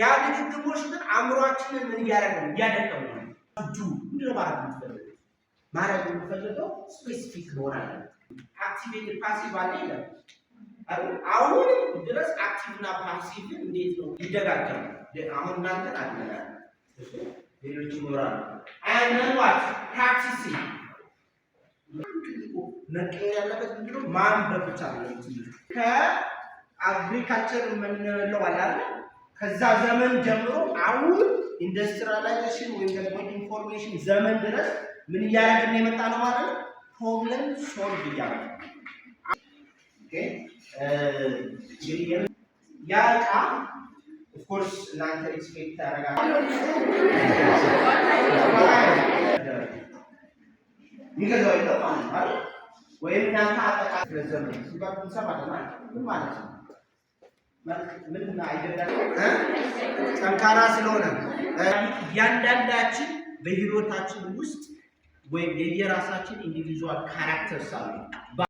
ያ ድግግሞሽ ግን አእምሯችንን ምን እያደረገ እያደቀሙ ዱ ምንድነው ማድረግ የምትፈልገው ማድረግ የምትፈልገው ስፔሲፊክ መሆን አለ። አክቲቬት ፓሲቭ አለ ይለ አሁን ድረስ አክቲቭና ፓሲቭ እንዴት ነው ይደጋገማል። አሁን እናንተ አለ ሌሎች ይኖራሉ። አያነዋት ፕራክቲሲ መቀየር ያለበት ምንድነው ማንበብ ብቻ ነው። ከአግሪካልቸር የምንለው አላለ ከዛ ዘመን ጀምሮ አሁን ኢንዱስትሪላይዜሽን ወይም ደግሞ ኢንፎርሜሽን ዘመን ድረስ ምን እያደረግን የመጣ ነው ማለት ነው። ፕሮብለም ሶልቭ እያለ ያ ዕቃ ኦፍኮርስ እናንተ ኤክስፔክት ያደረጋል ወይም እናንተ አጠቃ ዘመን ሲባል እንሰማለን ማለት ነው። ጠንካራ ስለሆነ እያንዳንዳችን በህይወታችን ውስጥ ወይም የየራሳችን ኢንዲቪዥዋል ካራክተርስ አሉ።